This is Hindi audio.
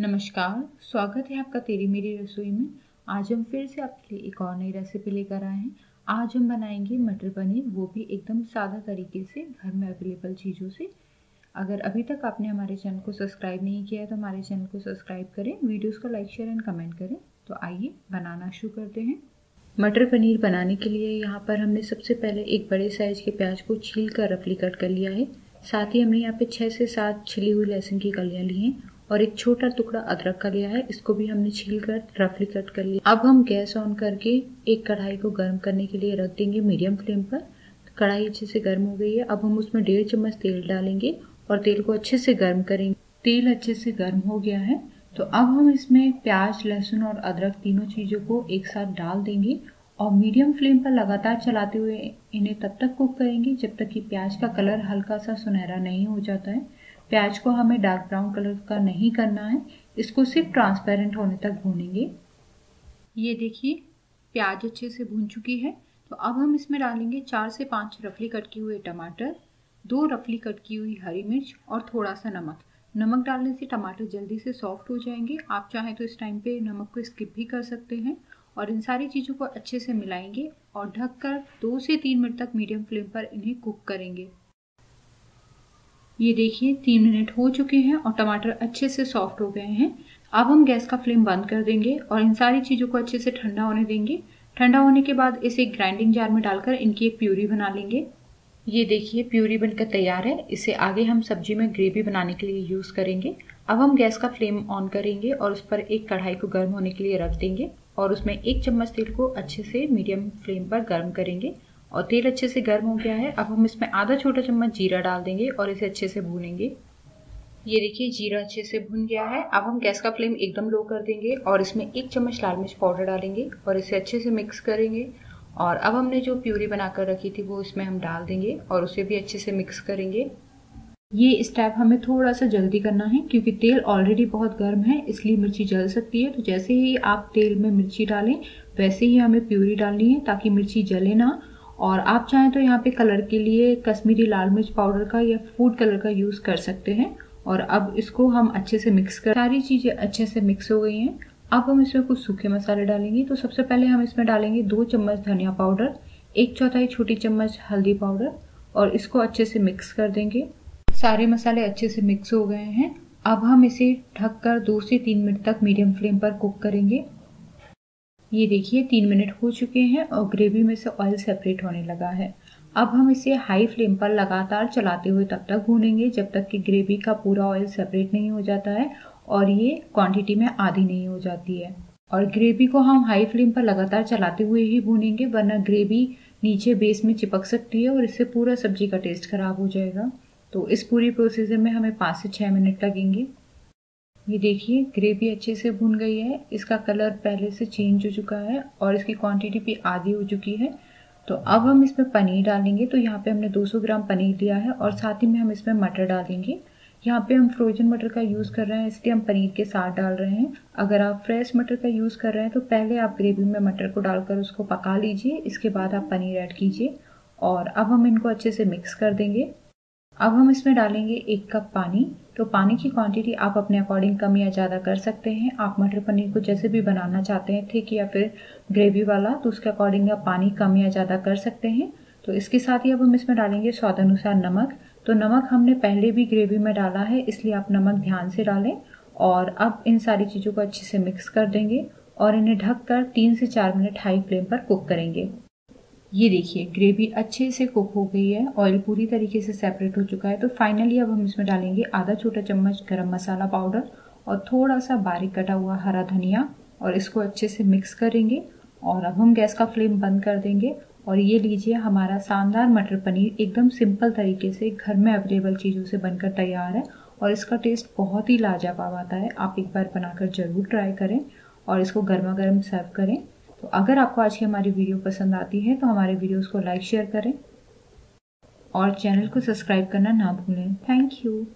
नमस्कार स्वागत है आपका तेरी मेरी रसोई में आज हम फिर से आपके लिए एक और नई रेसिपी लेकर आए हैं आज हम बनाएंगे मटर पनीर वो भी एकदम सादा तरीके से घर में अवेलेबल चीज़ों से अगर अभी तक आपने हमारे चैनल को सब्सक्राइब नहीं किया है तो हमारे चैनल को सब्सक्राइब करें वीडियोज़ को लाइक शेयर एंड कमेंट करें तो आइए बनाना शुरू करते हैं मटर पनीर बनाने के लिए यहाँ पर हमने सबसे पहले एक बड़े साइज़ के प्याज को छील कर रफली कट कर लिया है साथ ही हमने यहाँ पे छः से सात छिली हुई लहसुन की कलियाँ ली हैं और एक छोटा टुकड़ा अदरक का लिया है इसको भी हमने छील कर रफली कट कर लिया अब हम गैस ऑन करके एक कढ़ाई को गर्म करने के लिए रख देंगे मीडियम फ्लेम पर तो कढ़ाई अच्छे से गर्म हो गई है अब हम उसमें डेढ़ चम्मच तेल डालेंगे और तेल को अच्छे से गर्म करेंगे तेल अच्छे से गर्म हो गया है तो अब हम इसमें प्याज लहसुन और अदरक तीनों चीज़ों को एक साथ डाल देंगे और मीडियम फ्लेम पर लगातार चलाते हुए इन्हें तब तक कुक करेंगे जब तक कि प्याज का कलर हल्का सा सुनहरा नहीं हो जाता है प्याज को हमें डार्क ब्राउन कलर का नहीं करना है इसको सिर्फ ट्रांसपेरेंट होने तक भूनेंगे ये देखिए प्याज अच्छे से भून चुकी है तो अब हम इसमें डालेंगे चार से पाँच रफली कट किए हुए टमाटर दो रफली कट की हुई हरी मिर्च और थोड़ा सा नमक नमक डालने से टमाटर जल्दी से सॉफ्ट हो जाएंगे आप चाहें तो इस टाइम पे नमक को स्किप भी कर सकते हैं और इन सारी चीज़ों को अच्छे से मिलाएंगे और ढककर दो से तीन मिनट तक मीडियम फ्लेम पर इन्हें कुक करेंगे ये देखिए तीन मिनट हो चुके हैं और टमाटर अच्छे से सॉफ्ट हो गए हैं अब हम गैस का फ्लेम बंद कर देंगे और इन सारी चीज़ों को अच्छे से ठंडा होने देंगे ठंडा होने के बाद इसे एक ग्राइंडिंग जार में डालकर इनकी एक प्यूरी बना लेंगे ये देखिए प्यूरी बनकर तैयार है इसे आगे हम सब्जी में ग्रेवी बनाने के लिए यूज़ करेंगे अब हम गैस का फ्लेम ऑन करेंगे और उस पर एक कढ़ाई को गर्म होने के लिए रख देंगे और उसमें एक चम्मच तेल को अच्छे से मीडियम फ्लेम पर गर्म करेंगे और तेल अच्छे से गर्म हो गया है अब हम इसमें आधा छोटा चम्मच जीरा डाल देंगे और इसे अच्छे से भूनेंगे ये देखिए जीरा अच्छे से भुन गया है अब हम गैस का फ्लेम एकदम लो कर देंगे और इसमें एक चम्मच लाल मिर्च पाउडर डालेंगे और इसे अच्छे से मिक्स करेंगे और अब हमने जो प्यूरी बनाकर रखी थी वो इसमें हम डाल देंगे और उसे भी अच्छे से मिक्स करेंगे ये स्टेप हमें थोड़ा सा जल्दी करना है क्योंकि तेल ऑलरेडी बहुत गर्म है इसलिए मिर्ची जल सकती है तो जैसे ही आप तेल में मिर्ची डालें वैसे ही हमें प्यूरी डालनी है ताकि मिर्ची जले ना और आप चाहें तो यहाँ पे कलर के लिए कश्मीरी लाल मिर्च पाउडर का या फूड कलर का यूज़ कर सकते हैं और अब इसको हम अच्छे से मिक्स कर सारी चीज़ें अच्छे से मिक्स हो गई हैं अब हम इसमें कुछ सूखे मसाले डालेंगे तो सबसे पहले हम इसमें डालेंगे दो चम्मच धनिया पाउडर एक चौथाई छोटी चम्मच हल्दी पाउडर और इसको अच्छे से मिक्स कर देंगे सारे मसाले अच्छे से मिक्स हो गए हैं अब हम इसे ढककर दो से तीन मिनट तक मीडियम फ्लेम पर कुक करेंगे ये देखिए तीन मिनट हो चुके हैं और ग्रेवी में से ऑयल सेपरेट होने लगा है अब हम इसे हाई फ्लेम पर लगातार चलाते हुए तब तक भूनेंगे जब तक कि ग्रेवी का पूरा ऑयल सेपरेट नहीं हो जाता है और ये क्वांटिटी में आधी नहीं हो जाती है और ग्रेवी को हम हाई फ्लेम पर लगातार चलाते हुए ही भूनेंगे वरना ग्रेवी नीचे बेस में चिपक सकती है और इससे पूरा सब्जी का टेस्ट खराब हो जाएगा तो इस पूरी प्रोसीजर में हमें पाँच से छः मिनट लगेंगे ये देखिए ग्रेवी अच्छे से भुन गई है इसका कलर पहले से चेंज हो चुका है और इसकी क्वांटिटी भी आधी हो चुकी है तो अब हम इसमें पनीर डालेंगे तो यहाँ पे हमने 200 ग्राम पनीर लिया है और साथ ही में हम इसमें मटर डालेंगे यहाँ पे हम फ्रोजन मटर का यूज़ कर रहे हैं इसलिए हम पनीर के साथ डाल रहे हैं अगर आप फ्रेश मटर का यूज़ कर रहे हैं तो पहले आप ग्रेवी में मटर को डालकर उसको पका लीजिए इसके बाद आप पनीर ऐड कीजिए और अब हम इनको अच्छे से मिक्स कर देंगे अब हम इसमें डालेंगे एक कप पानी तो पानी की क्वांटिटी आप अपने अकॉर्डिंग कम या ज़्यादा कर सकते हैं आप मटर पनीर को जैसे भी बनाना चाहते हैं ठीक या फिर ग्रेवी वाला तो उसके अकॉर्डिंग आप पानी कम या ज़्यादा कर सकते हैं तो इसके साथ ही अब हम इसमें डालेंगे स्वाद अनुसार नमक तो नमक हमने पहले भी ग्रेवी में डाला है इसलिए आप नमक ध्यान से डालें और अब इन सारी चीज़ों को अच्छे से मिक्स कर देंगे और इन्हें ढककर तीन से चार मिनट हाई फ्लेम पर कुक करेंगे ये देखिए ग्रेवी अच्छे से कुक हो गई है ऑयल पूरी तरीके से सेपरेट हो चुका है तो फाइनली अब हम इसमें डालेंगे आधा छोटा चम्मच गरम मसाला पाउडर और थोड़ा सा बारीक कटा हुआ हरा धनिया और इसको अच्छे से मिक्स करेंगे और अब हम गैस का फ्लेम बंद कर देंगे और ये लीजिए हमारा शानदार मटर पनीर एकदम सिंपल तरीके से घर में अवेलेबल चीज़ों से बनकर तैयार है और इसका टेस्ट बहुत ही लाजवाब आता है आप एक बार बनाकर ज़रूर ट्राई करें और इसको गर्मा गर्म सर्व करें तो अगर आपको आज की हमारी वीडियो पसंद आती है तो हमारे वीडियोस को लाइक शेयर करें और चैनल को सब्सक्राइब करना ना भूलें थैंक यू